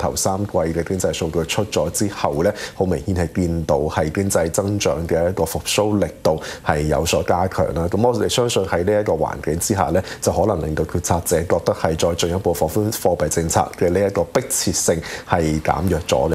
頭三季嘅經濟數據出咗之後咧，好明顯係變到係經濟增長嘅一個復蘇力度係有所加強啦。咁我哋相信喺呢一個環境之下咧，就可能令到決策者覺得係再進一步放寬貨幣政策嘅呢一個迫切性係減弱咗。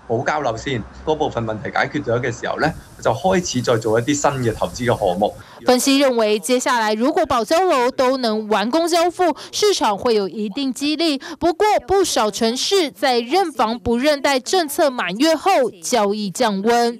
保交樓先，嗰部分問題解決咗嘅時候呢，就開始再做一啲新嘅投資嘅項目。分析認為，接下來如果保交樓都能完工交付，市場會有一定激勵。不過，不少城市在認房不認貸政策滿月後，交易降溫。